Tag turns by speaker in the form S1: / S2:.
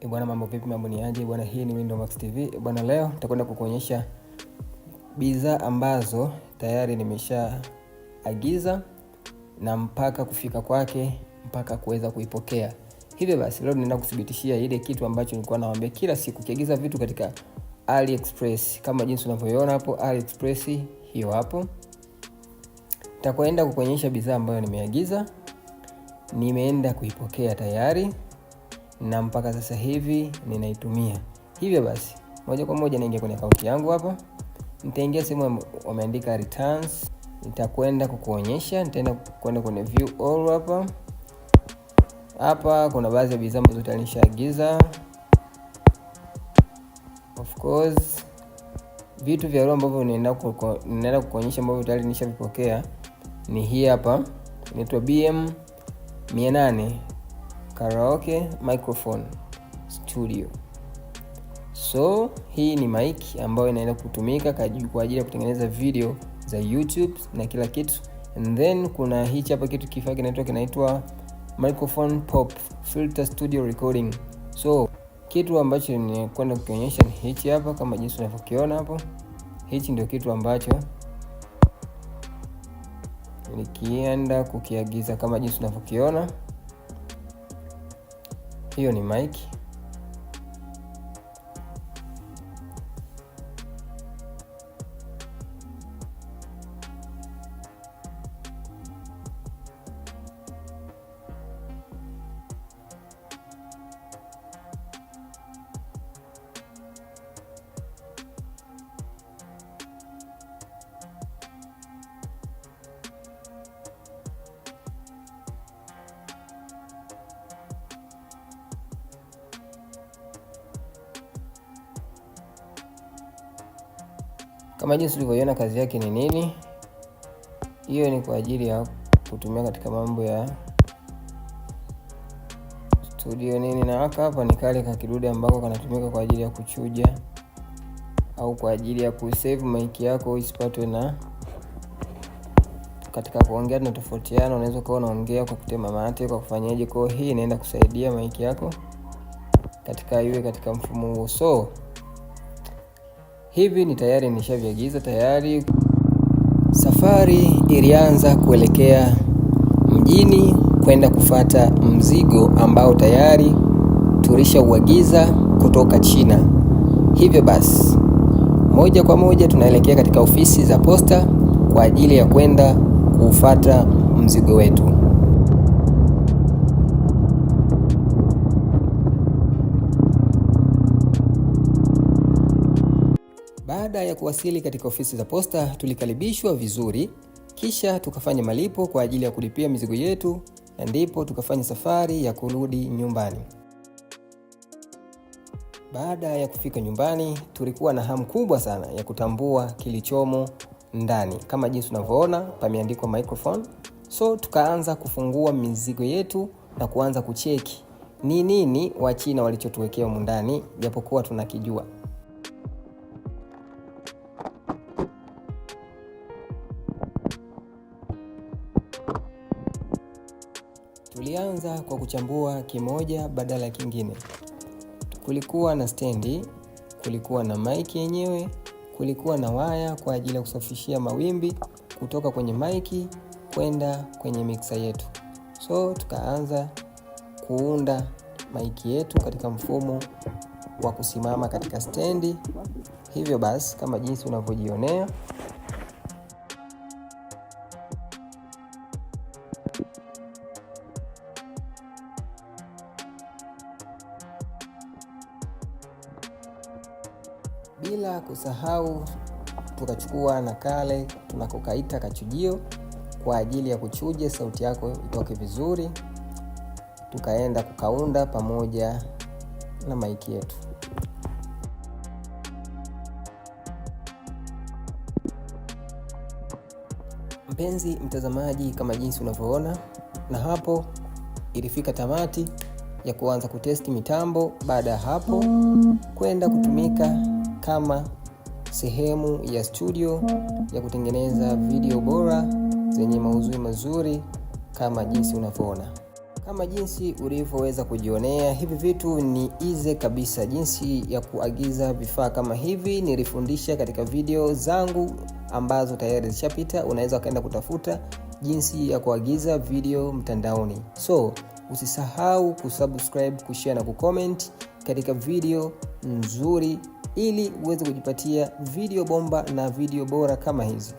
S1: Eh, bwana mambo vipi, mambo ni aje bwana, hii ni Window Max TV bwana. Leo nitakwenda kukuonyesha bidhaa ambazo tayari nimeshaagiza na mpaka kufika kwake mpaka kuweza kuipokea. Hivyo basi leo ninaenda kuthibitishia ile kitu ambacho nilikuwa nawaambia kila siku, kiagiza vitu katika AliExpress kama jinsi unavyoiona hapo AliExpress hiyo hapo. Nitakwenda kukuonyesha bidhaa ambayo nimeagiza, nimeenda kuipokea tayari na mpaka sasa hivi ninaitumia. Hivyo basi, moja kwa moja naingia kwenye akaunti yangu hapa, nitaingia sehemu wameandika returns, nitakwenda kukuonyesha, nitaenda kwenda kwenye view all hapa. Hapa kuna baadhi ya bidhaa ambazo tayari Of course vitu vya leo ambavyo ninaenda kukuonyesha ambavyo tayari nishavipokea ni hii hapa, inaitwa BM karaoke microphone studio. So hii ni mic ambayo inaenda kutumika kwa ajili ya kutengeneza video za YouTube na kila kitu. And then kuna hichi hapa kitu kifaa kinaitwa kinaitwa microphone pop filter studio recording. So kitu ambacho ninakwenda kukionyesha ni hichi hapa, kama jinsi unavyokiona hapo. Hichi ndio kitu ambacho nikienda kukiagiza kama jinsi unavyokiona. Hiyo ni Mike. Kama jinsi ulivyoiona kazi yake ni nini, hiyo ni kwa ajili ya kutumia katika mambo ya studio nini, na haka hapa ni kale ka kidude ambako kanatumika kwa ajili ya kuchuja au kwa ajili ya kusave mic yako isipatwe na katika kuongea na tofautiana, unaweza ukawa unaongea kwa kutema mate kwa kufanyaje. Kwa hii inaenda kusaidia maiki yako katika iwe katika mfumo huo so hivi ni tayari nishaviagiza tayari. Safari ilianza kuelekea mjini kwenda kufata mzigo ambao tayari tulishauagiza kutoka China. Hivyo basi, moja kwa moja tunaelekea katika ofisi za posta kwa ajili ya kwenda kuufata mzigo wetu. Baada ya kuwasili katika ofisi za posta, tulikaribishwa vizuri, kisha tukafanya malipo kwa ajili ya kulipia mizigo yetu, na ndipo tukafanya safari ya kurudi nyumbani. Baada ya kufika nyumbani, tulikuwa na hamu kubwa sana ya kutambua kilichomo ndani. Kama jinsi unavyoona, pameandikwa microphone. So tukaanza kufungua mizigo yetu na kuanza kucheki ni nini Wachina walichotuwekea humu ndani, japokuwa tunakijua. Tulianza kwa kuchambua kimoja badala ya kingine. Kulikuwa na stendi, kulikuwa na maiki yenyewe, kulikuwa na waya kwa ajili ya kusafishia mawimbi kutoka kwenye maiki kwenda kwenye miksa yetu. So tukaanza kuunda maiki yetu katika mfumo wa kusimama katika stendi. Hivyo basi, kama jinsi unavyojionea bila kusahau tukachukua na kale tunakokaita kachujio kwa ajili ya kuchuja sauti yako itoke vizuri, tukaenda kukaunda pamoja na maiki yetu. Mpenzi mtazamaji, kama jinsi unavyoona, na hapo ilifika tamati ya kuanza kutesti mitambo. Baada ya hapo kwenda kutumika kama sehemu ya studio ya kutengeneza video bora zenye mauzui mazuri kama jinsi unavyoona. Kama jinsi ulivyoweza kujionea, hivi vitu ni ize kabisa. Jinsi ya kuagiza vifaa kama hivi nilifundisha katika video zangu ambazo tayari zishapita. Unaweza ukaenda kutafuta jinsi ya kuagiza video mtandaoni. So usisahau kusubscribe, kushare na kucomment katika video nzuri ili uweze kujipatia video bomba na video bora kama hizi.